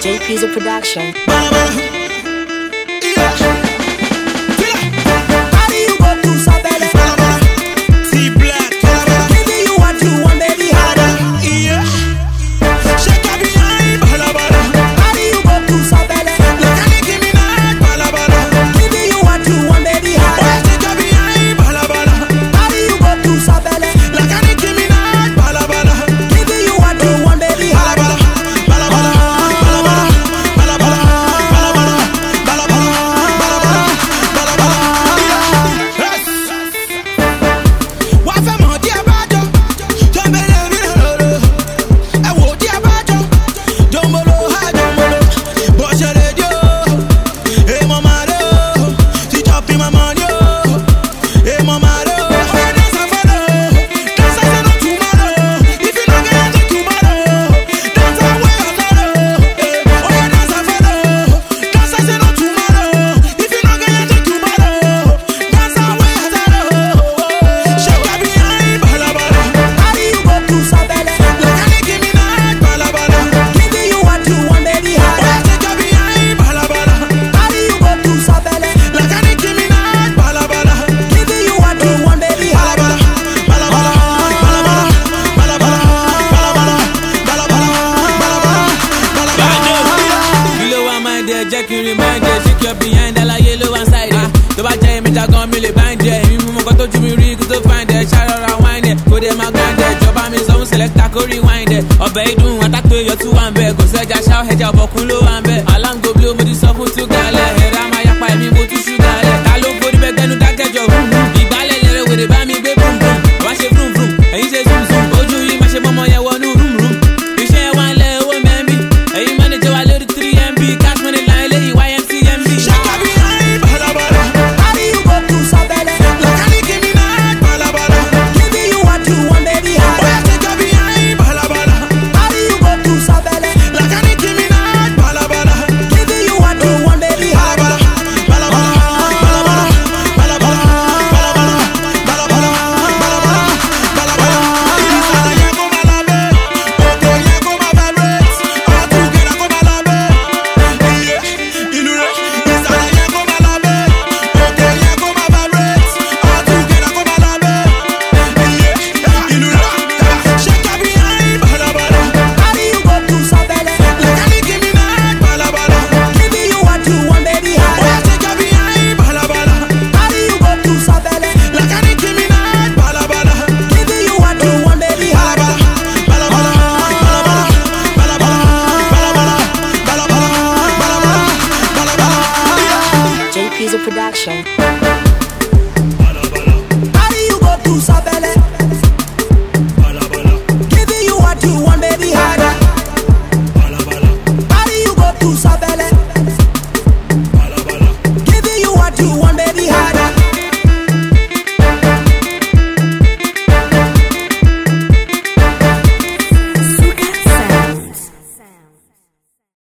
JP's a production. jẹ́ kí n remind ẹ ṣí kí ọ behind aláyé ló wá ń ṣàìdẹ tó bá jẹ́ èmi jagan mi lè bind ẹ èmi mú mọ́kàn tójú mi rí kí tó find ẹ ṣàrọ̀ra wine ẹ kó dé máa grind ẹ ìjọba mi sọ fún selector kó rewind ẹ ọbẹ̀ ìdùn àtàkùn èyọ̀ tún wà ń bẹ kò sẹ́jà ṣáà ẹja ọ̀bọ̀kún ló wà ń bẹ aláǹgó Easy production. How do you go to Sabele?